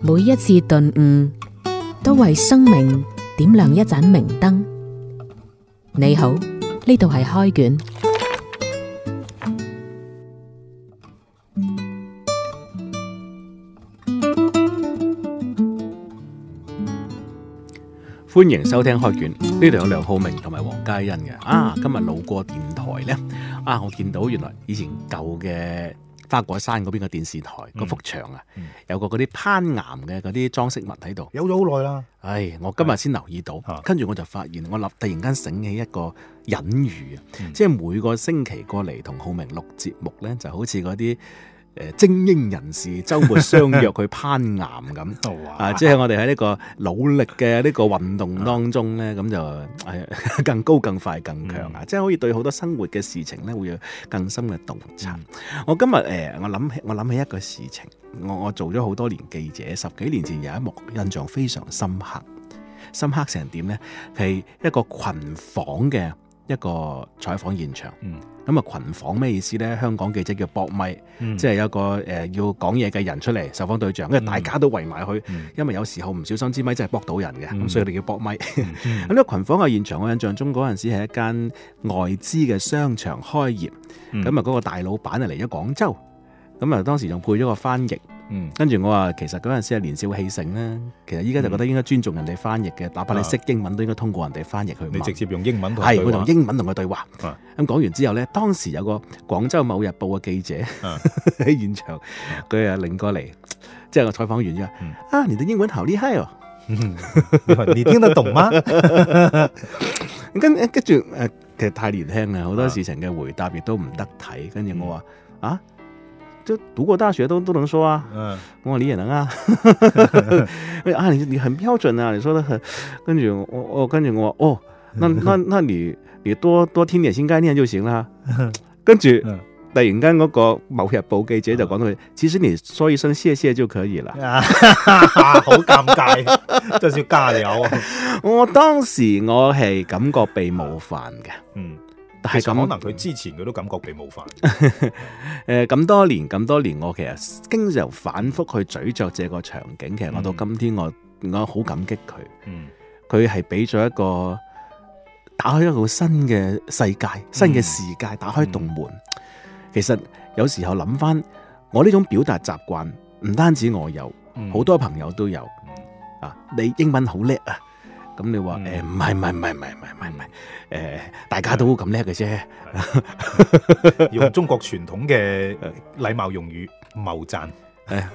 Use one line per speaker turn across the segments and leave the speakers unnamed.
每一次頓悟，都為生命點亮一盞明燈。你好，呢度係開卷，歡迎收聽開卷。呢度有梁浩明同埋黃嘉欣嘅啊，今日路過電台呢啊，我見到原來以前舊嘅。花果山嗰邊嘅電視台個、嗯、幅牆啊，嗯、有個嗰啲攀岩嘅嗰啲裝飾物喺度，有咗好耐啦。唉，我今日先留意到，跟住我就發現，我立突然間醒起一個隱喻啊、嗯，即係每個星期過嚟同浩明錄節目呢，就好似嗰啲。誒精英人士周末相約去攀岩咁， 啊！即係我哋喺呢個努力嘅呢個運動當中呢，咁 就更高、更快、更強啊！嗯，即係可以對好多生活嘅事情呢，會有更深嘅洞察。我今日誒，我諗起我諗起一個事情，我我做咗好多年記者，十幾年前有一幕印象非常深刻，深刻成點呢，係一個群訪嘅一個採訪現場。嗯。咁啊群訪咩意思咧？香港記者叫搏咪，嗯，即係有個、呃、要講嘢嘅人出嚟受訪對象，因、嗯、為大家都圍埋佢，因為有時候唔小心支咪真係搏到人嘅，咁、嗯、所以我哋叫搏咪。咁呢個群訪嘅現場，我印象中嗰陣時係一間外資嘅商場開業，咁啊嗰個大老闆啊嚟咗廣州，咁、嗯、啊當時仲配咗個翻譯。嗯、跟住我話，其實嗰陣時係年少氣盛啦，其實依家就覺得應該尊重人哋翻譯嘅，哪、嗯、怕你識英文都應該通過人哋翻譯佢、啊。你直接用英文係，唔英文同佢對話。咁講、啊、完之後呢，當時有個廣州某日報嘅記者喺、啊、 現場，佢啊擰過嚟，即係個採訪員就話，啊，你的英文好厲害哦，嗯、
你，你聽得懂嗎？
跟跟住，其實太年輕啦，好多事情嘅回答亦都唔得體。跟住我話、嗯、啊。就讀過大學都都能說啊，嗯、我話你也能啊， 啊，你你很標準啊，你說得很，跟住我我、哦、跟住我，哦，那那那你你多多聽點新概念就行啦、嗯。跟住、嗯、突然間嗰個《某日報》記者就講到、嗯，其實你說一聲謝謝就可以了，啊、哈哈好尷尬，都要加油。啊。」我當時我係感覺被冒犯嘅。嗯。係咁，可能佢之前佢都感覺俾冒犯。誒，咁多年咁多年，我其實經常反覆去咀嚼這個場景，其實我到今天我我好感激佢。佢係俾咗一個打開一個新嘅世界、新嘅視界，嗯、打開洞門。嗯、其實有時候諗翻，我呢種表達習慣，唔單止我有，好、嗯、多朋友都有。啊、嗯，你英文好叻啊！咁你話
誒，唔係唔係唔係唔係唔係唔係誒，大家都
咁叻嘅啫。
用中國傳統嘅禮貌用語，謬讚、
哎。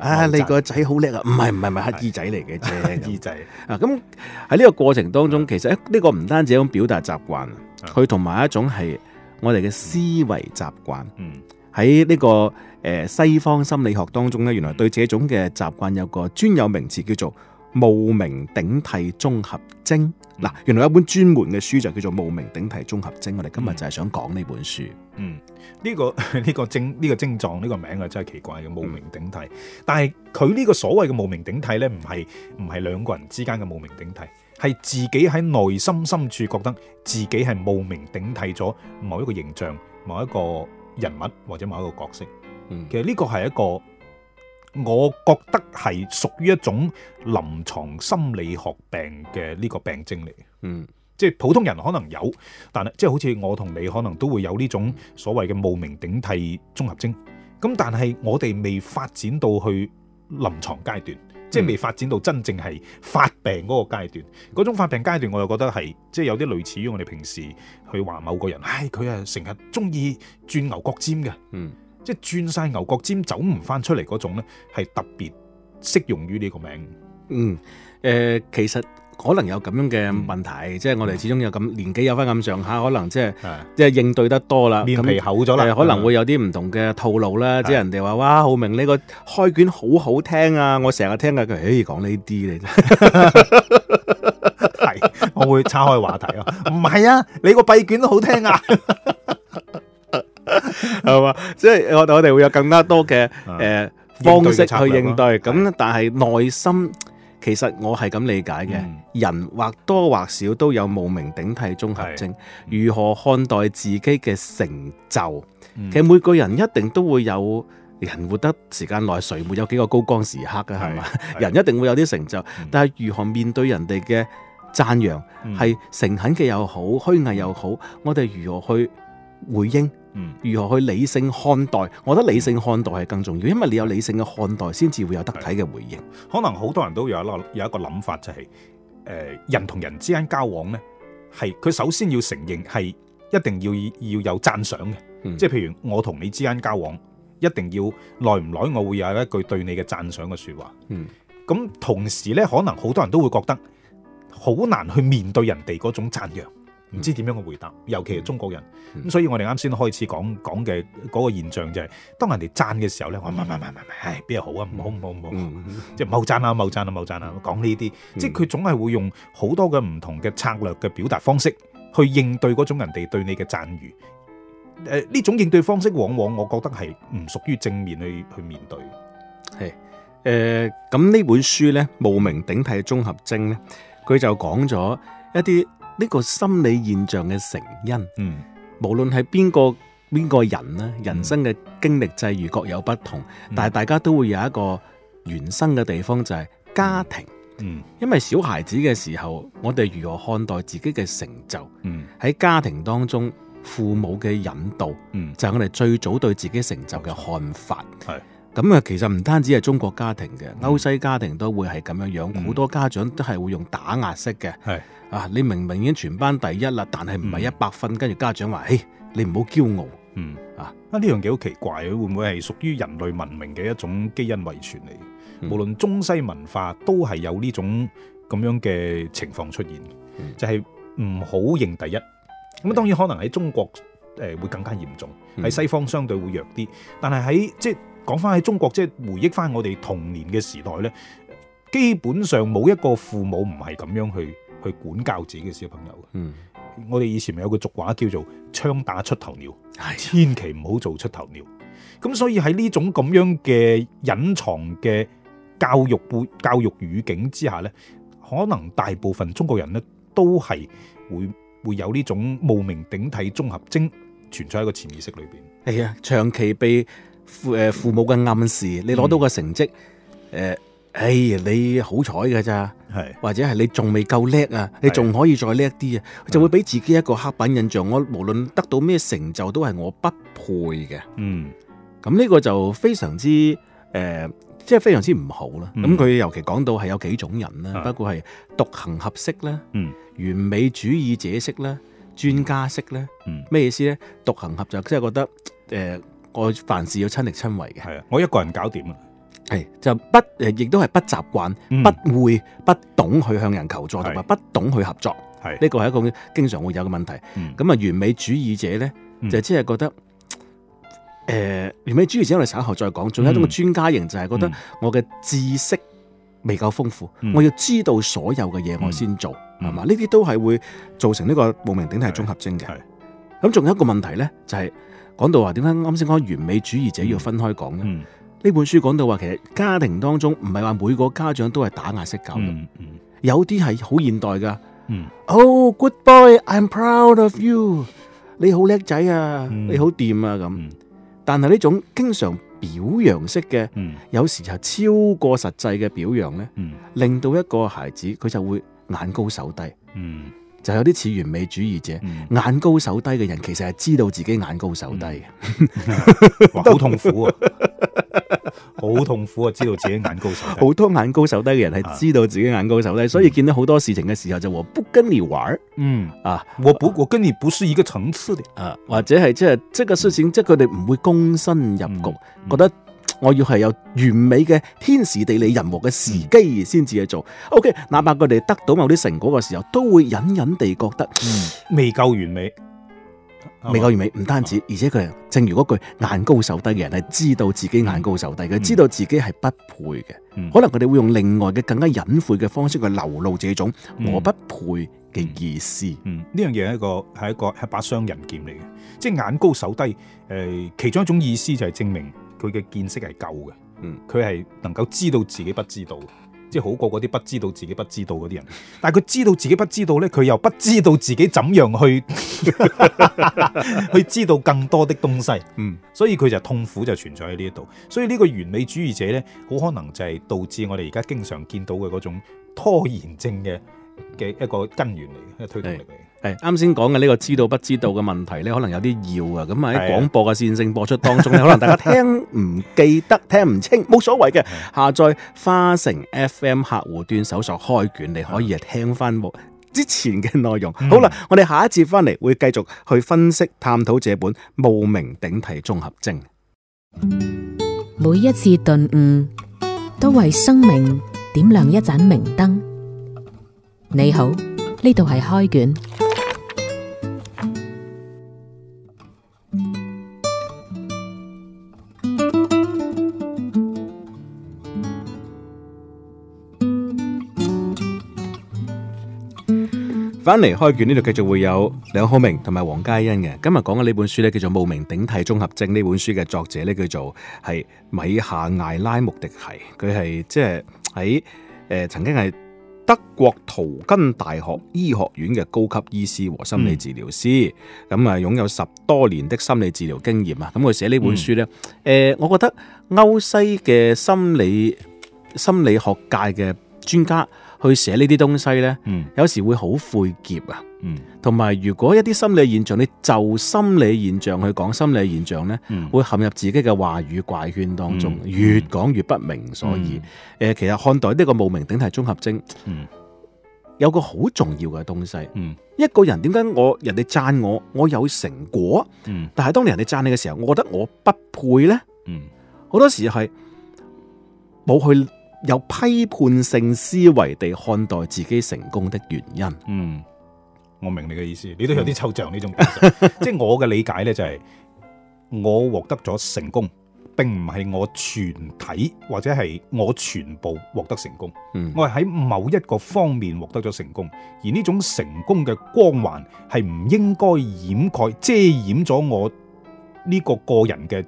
啊，你個仔好叻啊！唔係唔係唔係乞兒仔嚟嘅啫，兒
仔。啊，咁喺呢個
過程當中，其實呢個唔單止達習慣，一種表達習慣，佢同埋一種係我哋嘅思維習慣。嗯，喺呢個誒西方心理學當中咧、嗯，原來對這種嘅習慣有個專有名詞叫做。冒名頂替綜合徵，嗱，原來有一本專門嘅書就叫做《冒名頂替綜合徵》，我哋今日就係想講呢本書。
嗯，呢個呢個症，呢個症狀，呢個名啊，真係奇怪嘅冒名頂替。但係佢呢個所謂嘅冒名頂替呢，唔係唔係兩個人之間嘅冒名頂替，係自己喺內心深處覺得自己係冒名頂替咗某一個形象，某一個人物或者某一個角色。嗯，其實呢個係一個我覺得係屬於一種臨床心理學病嘅呢個病徵嚟，嗯，即係普通人可能有，但係即係好似我同你可能都會有呢種所謂嘅冒名頂替綜合徵，咁但係我哋未發展到去臨床階段，即係未發展到真正係發病嗰個階段，嗯，嗰種發病階段，我又覺得係即係有啲類似於我哋平時去話某個人，唉，佢啊成日鍾意鑽牛角尖嘅，嗯。即係轉晒牛角尖走唔翻出嚟嗰種咧，係特別適用於呢個名。嗯，誒、呃，其實可能有咁
樣嘅問題，嗯、即係我哋始終有咁、嗯、年紀有翻咁上下，可能即係即係應對得多啦，面皮厚咗啦，可能會有啲唔同嘅套路啦。即係人哋話哇，浩明呢個開卷好好聽啊！我成日聽嘅佢，哎，講、欸、呢啲嚟啫。
係， 我會岔開話題啊。唔 係啊，你個閉卷都好聽啊。 係 嘛，即係我我哋會有更加多嘅誒方式去應對，
咁、啊、但係內心其實我係咁理解嘅，嗯、人或多或少都有冒名頂替綜合症。如何看待自己嘅成就？嗯、其實每個人一定都會有，人活得時間耐，誰會有幾個高光時刻噶係嘛？人一定會有啲成就，嗯、但係如何面對人哋嘅讚揚，係誠懇嘅又好，虛偽又好，我哋如何去回應？嗯，如何去理性看待？我覺得理性看待係更重要，因為你有理性嘅看待，先
至會有得體嘅回應。可能好多人都有一諗有一個諗法，就係誒，人同人之間交往呢，係佢首先要承認係一定要要有讚賞嘅，即係、嗯、譬如我同你之間交往，一定要耐唔耐我會有一句對你嘅讚賞嘅說話。嗯，咁同時呢，可能好多人都會覺得好難去面對人哋嗰種讚揚。唔知點樣嘅回答，尤其係中國人咁、嗯嗯，所以我哋啱先開始講講嘅嗰個現象就係、是，當人哋讚嘅時候咧，我唔唔唔唔唔，係邊係好啊？唔好唔好唔好，即係冇讚啊冇讚啊冇讚啊，講呢啲，即係佢總係會用好多嘅唔同嘅策略嘅表達方式去應對嗰種人哋對你嘅讚譽。誒呢種應對方式，往往我覺得係唔屬於正面去去面對。
係誒咁呢本書咧，冒名頂替綜合症咧，佢就講咗一啲。呢、這個心理現象嘅成因，嗯、無論係邊個邊個人，人生嘅經歷際遇各有不同，嗯、但係大家都會有一個原生嘅地方就係、是、家庭、嗯嗯。因為小孩子嘅時候，我哋如何看待自己嘅成就，喺、嗯、家庭當中父母嘅引導，嗯、就係、是、我哋最早對自己成就嘅看法。嗯咁啊，其實唔單止係中國家庭嘅、嗯，歐西家庭都會係咁樣樣，好、嗯、多家長都係會用打壓式嘅。係啊，你明明已經全班第一啦，但係唔係一百分，嗯、跟住家長話：嘿、hey，你唔好驕傲。
嗯啊，啊呢樣嘢好奇怪，會唔會係屬於人類文明嘅一種基因遺傳嚟、嗯？無論中西文化都係有呢種咁樣嘅情況出現，嗯、就係、是、唔好認第一。咁、嗯、啊，當然可能喺中國誒會更加嚴重，喺、嗯、西方相對會弱啲。但係喺即講翻喺中國，即係回憶翻我哋童年嘅時代咧，基本上冇一個父母唔係咁樣去去管教自己嘅小朋友。嗯，我哋以前咪有個俗話叫做「槍打出頭鳥」，哎、千祈唔好做出頭鳥。咁所以喺呢種咁樣嘅隱藏嘅教育背教育語境之下咧，可能大部分中國人咧都係會會有呢種冒名頂替綜合徵存在喺個潛意識裏邊。係、哎、啊，長期被父誒，父母嘅暗示，你攞到個成績，
誒、嗯呃，哎呀，你好彩㗎咋？係，或者係你仲未夠叻啊？你仲可以再叻啲啊？就會俾自己一個刻板印象。嗯、我無論得到咩成就，都係我不配嘅。嗯，咁呢個就非常之誒，即、呃、係、就是、非常之唔好啦。咁、嗯、佢尤其講到係有幾種人啦、嗯，包括係獨行俠式啦、嗯，完美主義者式啦，專、嗯、家式咧，咩、嗯、意思咧？獨行俠就即係覺得誒。呃我凡事要親力親為嘅，係啊，我一個人搞掂啊，係就不誒，亦都係不習慣、嗯、不會、不懂去向人求助同埋不懂去合作，係呢、這個係一個經常會有嘅問題。咁、嗯、啊，完美主義者咧就即、是、係覺得誒、嗯呃，完美主義者我哋稍後再講。仲有一種專家型就係覺得我嘅知識未夠豐富，嗯、我要知道所有嘅嘢，我先做，係、嗯、嘛？呢、嗯、啲都係會造成呢個冒名頂替綜合徵嘅。咁仲有一個問題咧就係、是。講到話點解啱先講完美主義者要分開講呢？呢、嗯嗯、本書講到話，其實家庭當中唔係話每個家長都係打壓式教育，有啲係好現代噶、嗯。Oh, good boy, I'm proud of you。你好叻仔啊，嗯、你好掂啊咁、嗯。但係呢種經常表揚式嘅，、嗯，有時又超過實際嘅表揚呢、嗯，令到一個孩子佢就會眼高手低。嗯就有啲似完美主義者，嗯、眼高手低嘅人，其實係知道自己眼高手低嘅，好、嗯、 痛苦啊！ 好痛苦啊！知道自己眼高手低。好 多眼高手低嘅人係知道自己眼高手低，嗯、所以見到好多事情嘅時候就話我不跟你玩，嗯啊，我不我跟你不是一個層次嘅啊，或者係即係個事情，即係佢哋唔會躬身入局，嗯、覺得。我要係有完美嘅天時地利人和嘅時機先至去做。O K，哪怕佢哋得到某啲成果嘅時候，都會隱隱地覺得、嗯、未夠完美，未夠完美。唔單止，而且佢正如嗰句眼高手低嘅人係知道自己眼高手低，佢、嗯、知道自己係不配
嘅、嗯。可能佢哋會用另外嘅更加隱晦嘅方式去流露這種我不配嘅意思。嗯，呢樣嘢係一個係一個係把雙刃劍嚟嘅，即係眼高手低。誒、呃，其中一種意思就係證明。佢嘅見識係夠嘅，嗯，佢係能夠知道自己不知道，即係好過嗰啲不知道自己不知道嗰啲人。但係佢知道自己不知道咧，佢又不知道自己怎樣去 去知道更多的東西，嗯，所以佢就痛苦就存在喺呢一度。所以呢個完美主義者咧，好可能就係導致我哋而家經常見到嘅嗰種拖延症嘅嘅一個根源嚟嘅，一個推動力嚟。啱先講嘅呢個知道不知道嘅問題呢，可能有啲要啊。咁啊，喺廣
播嘅線性播出當中可能大家聽唔記得， 聽唔清，冇所謂嘅。下載花城 F M 客戶端，搜索開卷，你可以啊聽翻冇之前嘅內容。嗯、好啦，我哋下一次翻嚟，會繼續去分析探討這本《冒名頂替綜合徵》。
每一次頓悟，
都為生命點亮一盞明燈。你好，呢度係開卷。翻嚟開卷呢度繼續會有梁浩明同埋黃嘉欣嘅，今日講嘅呢本書呢，叫做《冒名頂替綜合症》，呢本書嘅作者呢，叫做係米夏艾拉穆迪奇，佢係即係喺誒曾經係德國圖根大學醫學院嘅高級醫師和心理治療師，咁、嗯、啊擁有十多年的心理治療經驗啊，咁佢寫呢本書呢，誒、嗯呃，我覺得歐西嘅心理心理學界嘅。專家去寫呢啲東西呢，嗯、有時會好晦澀啊。同、嗯、埋如果一啲心理現象，你就心理現象去講心理現象呢，嗯、會陷入自己嘅話語怪圈當中，嗯、越講越不明所以。誒、嗯呃，其實看待呢個冒名頂替綜合徵、嗯，有個好重要嘅東西、嗯。一個人點解我人哋讚我，我有成果。嗯、但係當人哋讚你嘅時候，我覺得我不配呢。好、嗯、多時係冇去。有批判性思維地看待自己成功的原因。嗯，
我明你嘅意思，你都有啲抽象呢種， 即係我嘅理解咧，就係我獲得咗成功，並唔係我全體或者係我全部獲得成功。嗯，我係喺某一個方面獲得咗成功，而呢種成功嘅光環係唔應該掩蓋遮掩咗我呢個個人嘅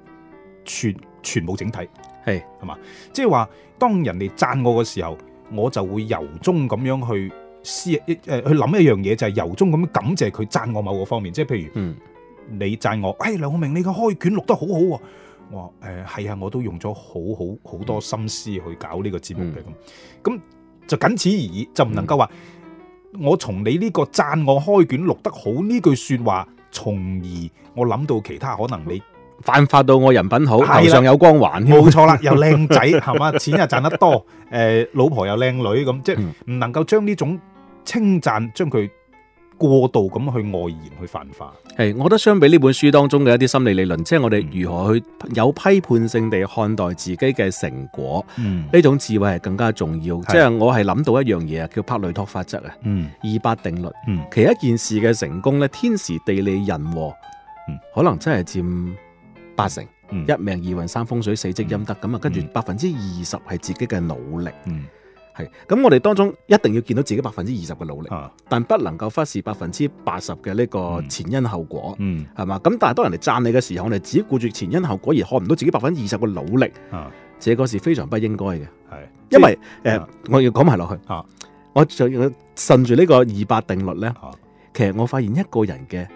全全部整體。係，係嘛？即係話，當人哋讚我嘅時候，我就會由衷咁樣去思誒、呃，去諗一樣嘢，就係、是、由衷咁感謝佢讚我某個方面。即係譬如，嗯，你讚我，誒，梁浩明，你嘅開卷錄得好好、啊、喎。我誒、係、呃、啊，我都用咗好好好多心思去搞呢個節目嘅咁。咁、嗯、就僅此而已，就唔能夠話、嗯、我從你呢個讚我開卷錄得好呢句說話，從而我諗到其他可能你、嗯。泛化到我人品好，頭上有光環，冇錯啦，又靚仔係嘛，錢又賺得多，誒， 老婆又靚女咁，即係唔能夠將呢種稱讚，將佢過度咁去外延去泛化。係，我覺得
相比呢本書當中嘅一啲心理理論，即、就、係、是、我哋如何去有批判性地看待自己嘅成果，呢、嗯、種智慧係更加重要。即、嗯、係、就是、我係諗到一樣嘢啊，叫帕雷托法則啊、嗯，二八定律。嗯、其一件事嘅成功咧，天時地利人和，嗯、可能真係占。八成、嗯、一命二運三風水四積陰德咁啊，跟住百分之二十係自己嘅努力，係、嗯、咁。我哋當中一定要見到自己百分之二十嘅努力、啊，但不能夠忽視百分之八十嘅呢個前因後果，係、嗯、嘛？咁、嗯、但係當人哋讚你嘅時候，我哋只顧住前因後果而看唔到自己百分之二十嘅努力啊，這個是非常不應該嘅。係因為誒、啊呃啊，我要講埋落去啊。我就要順住呢個二八定律咧、啊，其實我發現一個人嘅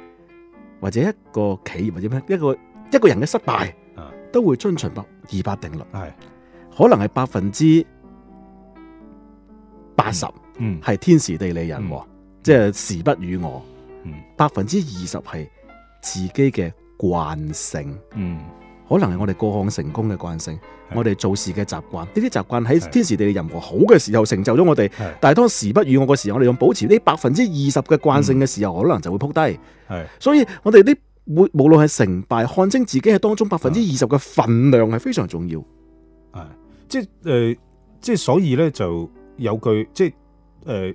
或者一個企業或者咩一個。一個一個人嘅失敗，都會遵循百二八定律，係可能係百分之八十，嗯，係天時地利人和、嗯嗯，即係時不與我，百分之二十係自己嘅慣性，嗯，可能係我哋過往成功嘅慣性，我哋做事嘅習慣，呢啲習慣喺天時地利人和好嘅時候成就咗我哋，但係當時不與我嘅時候，我哋用保持呢百分之二十嘅慣性嘅時候，可能就會扑低，係，所以我哋呢。會無論係成敗，看
清自己喺當中百分之二十嘅份量係非常重要的。啊。誒、啊，即係誒、呃，即係所以咧，就有句即係誒、呃，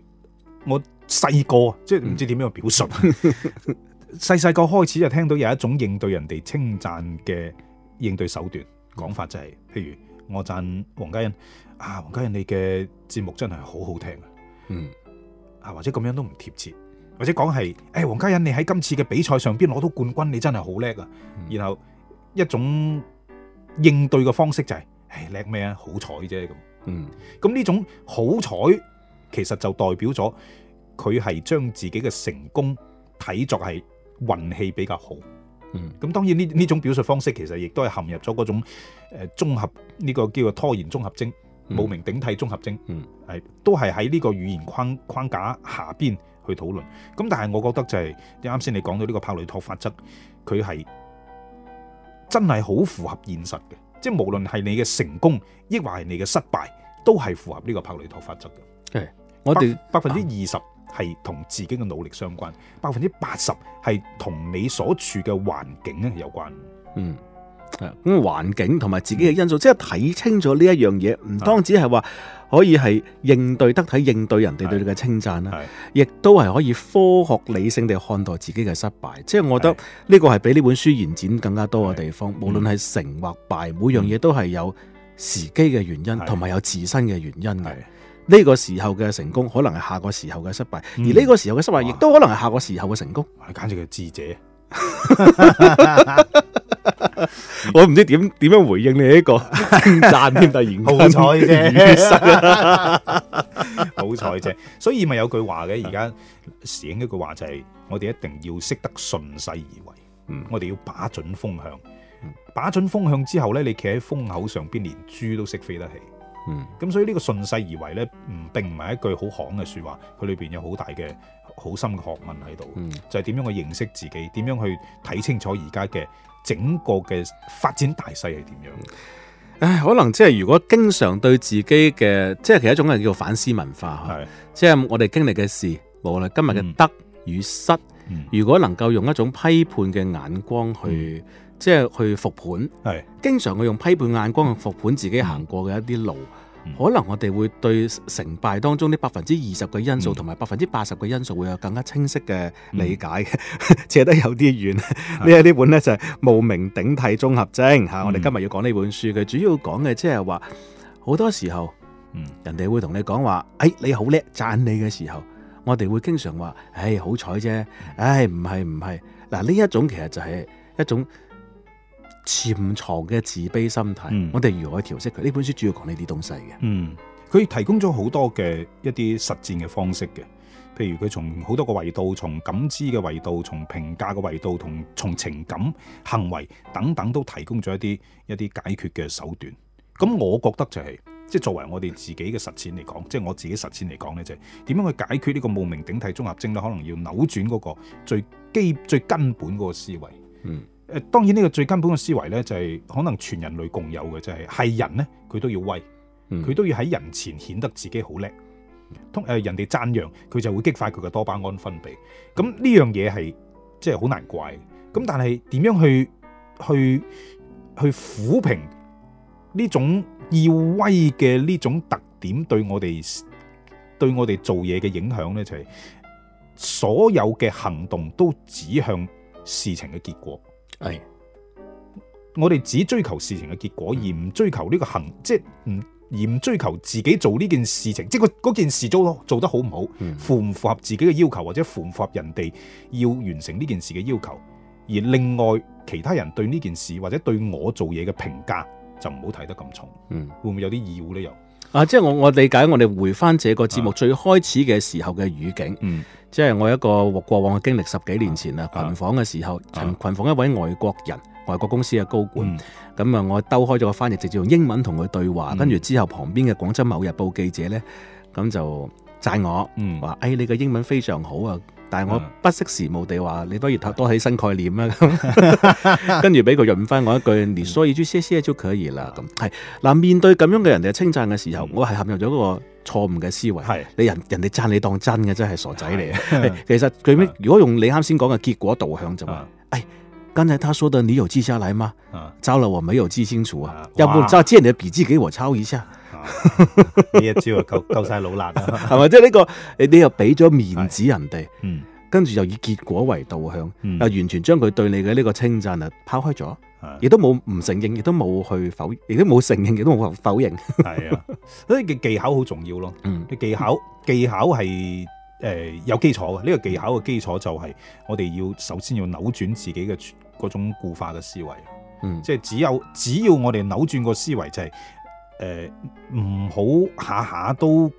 我細個即係唔知點樣表述，細細個開始就聽到有一種應對人哋稱讚嘅應對手段講法、就是，就係譬如我讚黃嘉欣啊，黃嘉欣你嘅節目真係好好聽啊，嗯啊，或者咁樣都唔貼切。或者講係，誒、哎、黃家欣，你喺今次嘅比賽上邊攞到冠軍，你真係好叻啊！然後一種應對嘅方式就係、是，誒叻咩啊？好彩啫咁。嗯，咁呢種好彩其實就代表咗佢係將自己嘅成功睇作係運氣比較好。嗯，咁當然呢呢種表述方式其實亦都係陷入咗嗰種誒綜合呢、這個叫做拖延綜合症、冒名頂替綜合症。嗯，係都係喺呢個語言框框架下邊，去討論，咁但係我覺得就係啱先你講到呢個帕雷托法則，佢係真係好符合現實嘅，即係無論係你嘅成功，亦或係你嘅失敗，都係符合呢個帕雷托法則嘅。嗯。我哋百分之二十係同自己嘅努力相關，百分之八十係同你所處嘅環境咧有關。嗯。咁環境同埋自己嘅因素，嗯、即係睇清楚呢一樣嘢，唔單
止係話可以係應對得體，應對人哋對你嘅稱讚啦，亦都係可以科學理性地看待自己嘅失敗。即係我覺得呢個係比呢本書延展更加多嘅地方。無論係成或敗，嗯、每樣嘢都係有時機嘅原因，同埋有自身嘅原因嘅。呢、這個時候嘅成功，可能係下個時候嘅失敗；嗯、而呢個時候嘅失敗，亦都可能係下個時候嘅成功。
係、嗯、簡直係智者。
我唔知點點樣回應你呢個稱讚添，但係好彩好彩啫。
所以咪有句話嘅，而家時英一句話就係，我哋一定要識得順勢而為。嗯，我哋要把準風向，把準風向之後咧，你企喺風口上邊，連豬都識飛得起。嗯，咁所以呢個順勢而為咧，唔並唔係一句好行嘅說話，佢裏邊有好大嘅。好深嘅學問喺度、嗯，就係、是、點樣去認識自己，點樣去睇清楚而家嘅整個嘅發展大勢係點樣？誒，可能即係如果經常對自
己嘅，即、就、係、是、其實一種係叫反思文化，係即係我哋經歷嘅事，無論今日嘅得與失、嗯，如果能夠用一種批判嘅眼光去，即、嗯、係、就是、去復盤，係經常去用批判眼光去復盤自己行過嘅一啲路。可能我哋會對成敗當中呢百分之二十嘅因素同埋百分之八十嘅因素會有更加清晰嘅理解嘅，扯得有啲遠、 就是。呢一本呢就係《冒名頂替綜合症》嚇、嗯，我哋今日要講呢本書，佢主要講嘅即係話好多時候，人哋會同你講話，哎，你好叻，讚你嘅時候，我哋會經常話，哎，好彩啫，唉、哎，唔係唔係，嗱呢一種其實就係一種。
潛藏嘅自卑心態，我哋如何去調適佢？呢、嗯、本書主要講呢啲東西嘅。嗯，佢提供咗好多嘅一啲實踐嘅方式嘅。譬如佢從好多個維度，從感知嘅維度，從評價嘅維度，同從情感、行為等等，都提供咗一啲一啲解決嘅手段。咁我覺得就係、是、即係作為我哋自己嘅實踐嚟講，即係我自己實踐嚟講咧，就係點樣去解決呢個冒名頂替綜合症咧？可能要扭轉嗰個最基最根本嗰個思維。嗯。誒，當然呢個最根本嘅思維呢，就係可能全人類共有嘅，就係係人呢，佢都要威，佢都要喺人前顯得自己好叻。通，誒，人哋讚揚佢就會激發佢嘅多巴胺分泌。咁呢樣嘢係即係好難怪。咁但係點樣去去去撫平呢種要威嘅呢種特點對我哋對我哋做嘢嘅影響呢？就係所有嘅行動都指向事情嘅結果。係，我哋只追求事情嘅結果，而唔追求呢個行，即係唔而唔追求自己做呢件事情，即係嗰件事做得好唔好，符唔符合自己嘅要求，或者符唔符合人哋要完成呢件事嘅要求。而另外其他人對呢件事或者對我做嘢嘅評價，就唔好睇得咁重。嗯，會唔會有啲義務呢？又？
啊！即係我我理解，我哋回翻這個節目最開始嘅時候嘅語境，啊嗯、即係我一個過往嘅經歷，十幾年前啊，群訪嘅時候，群、啊、群訪一位外國人，啊、外國公司嘅高管，咁、嗯、啊，嗯嗯、我兜開咗個翻譯，直接用英文同佢對話，跟、嗯、住之後旁邊嘅廣州某日報記者呢，咁就讚我，話、嗯、哎你嘅英文非常好啊！但係我不識時務地話、嗯，你不如多,多起新概念啊！嗯、 跟住俾佢潤翻我一句，嗯、你說一句，謝謝就可以啦。咁係嗱，面對咁樣嘅人哋稱讚嘅時候，嗯、我係陷入咗一個錯誤嘅思維。係、嗯、你人人哋讚你當真嘅，真係傻仔嚟、嗯。其實、嗯、如果用你啱先講嘅結果導向、就是，就、嗯、話哎，剛才他說的你有記下來嗎？嗯，糟了，我沒有記清楚啊，要不知建德筆記給我抄一下。呢 一招啊，夠夠晒老辣啦，係 咪是吧？即係呢個你你又俾咗面子人哋，嗯，跟住又以結果為導向，嗯、又完全將佢對你嘅呢個稱讚啊拋開咗，亦都冇唔承認，亦都冇去否，亦都冇承認，亦都冇否認。
係啊， 所以嘅技巧好重要咯。嗯，技巧技巧係誒、呃、有基礎嘅，呢、這個技巧嘅基礎就係我哋要首先要扭轉自己嘅嗰種固化嘅思維、嗯。即係只有只要我哋扭轉個思維就係、是。誒、呃，唔好下下都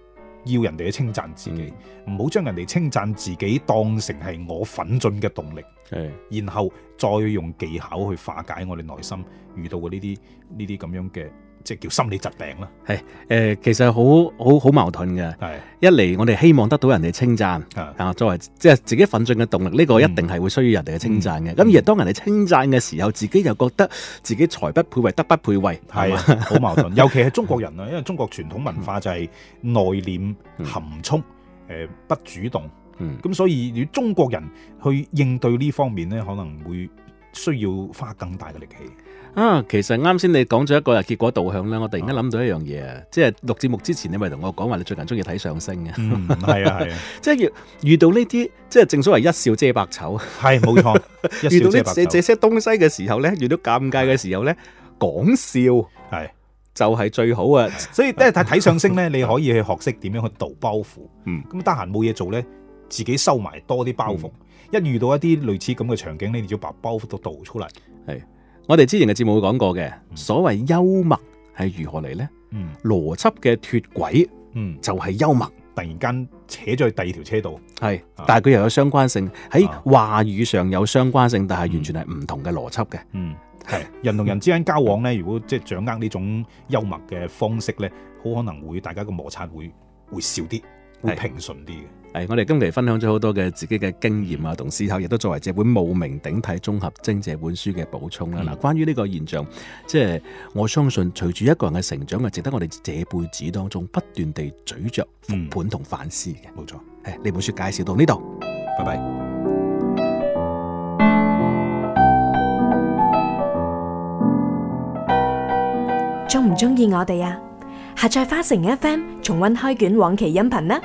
要人哋去稱讚自己，唔好將人哋稱讚自己當成係我奮進嘅動力，係，然後再用技巧去化解我哋內心遇到嘅呢啲呢啲咁樣嘅。即係叫心理疾病啦，係誒、呃，
其實好好好矛盾嘅。係一嚟，我哋希望得到人哋稱讚啊，作為即係自己奮進嘅動力。呢、呢個一定係會需要人哋嘅稱讚嘅。咁、嗯嗯、而當人哋稱讚嘅時候，自己又覺
得自己才不配位，德不配位，係好矛盾。尤其係中國人啦， 因為中國傳統文化就係內斂、含蓄、誒、嗯呃、不主動。咁、嗯、所以如中國人去應對呢方面呢，可能會需要花更大嘅力氣。
啊，其實啱先你講咗一個啊結果的導向咧，我突然間諗到一樣嘢啊，即係錄節目之前，你咪同我講話你最近中意睇相聲嘅，係啊係，即係 遇到呢啲即係正所謂一笑遮百醜，係
冇錯一。遇到呢這
些東西嘅時候咧，遇到
尷尬嘅時候咧，講笑係就係最好啊。所以睇睇相聲咧， 你可以去學識點樣去導包袱。咁得閒冇嘢做咧，自己收埋多啲包袱、嗯。一遇到一啲類似咁嘅場景，你就把包袱都導出嚟。係。
我哋之前嘅節目會講過嘅，所謂幽默係如何嚟呢？嗯，邏輯嘅脫軌，脫軌就係幽默，嗯、突然間扯咗去第二條車道。係，但係佢又有
相關性，喺、啊、話語上有相關性，但係完全係唔同嘅邏輯嘅。嗯，係人同人之間交往呢、嗯，如果即係掌握呢種幽默嘅方式呢，好可能會大家嘅摩擦會會少啲。會平順啲
嘅，係我哋今期分享咗好多嘅自己嘅經驗啊，同思考，亦都作為這本《冒名頂替綜合徵》這本書嘅補充啦。嗱、嗯，關於呢個現象，即係我相信隨住一個人嘅成長，係值得我哋這輩子當中不斷地咀嚼復本、復盤同反思嘅。冇錯，誒，呢本書介紹到呢度，
拜拜。鍾唔鍾意我哋啊？下載花城 FM，重溫開卷往期音頻啦！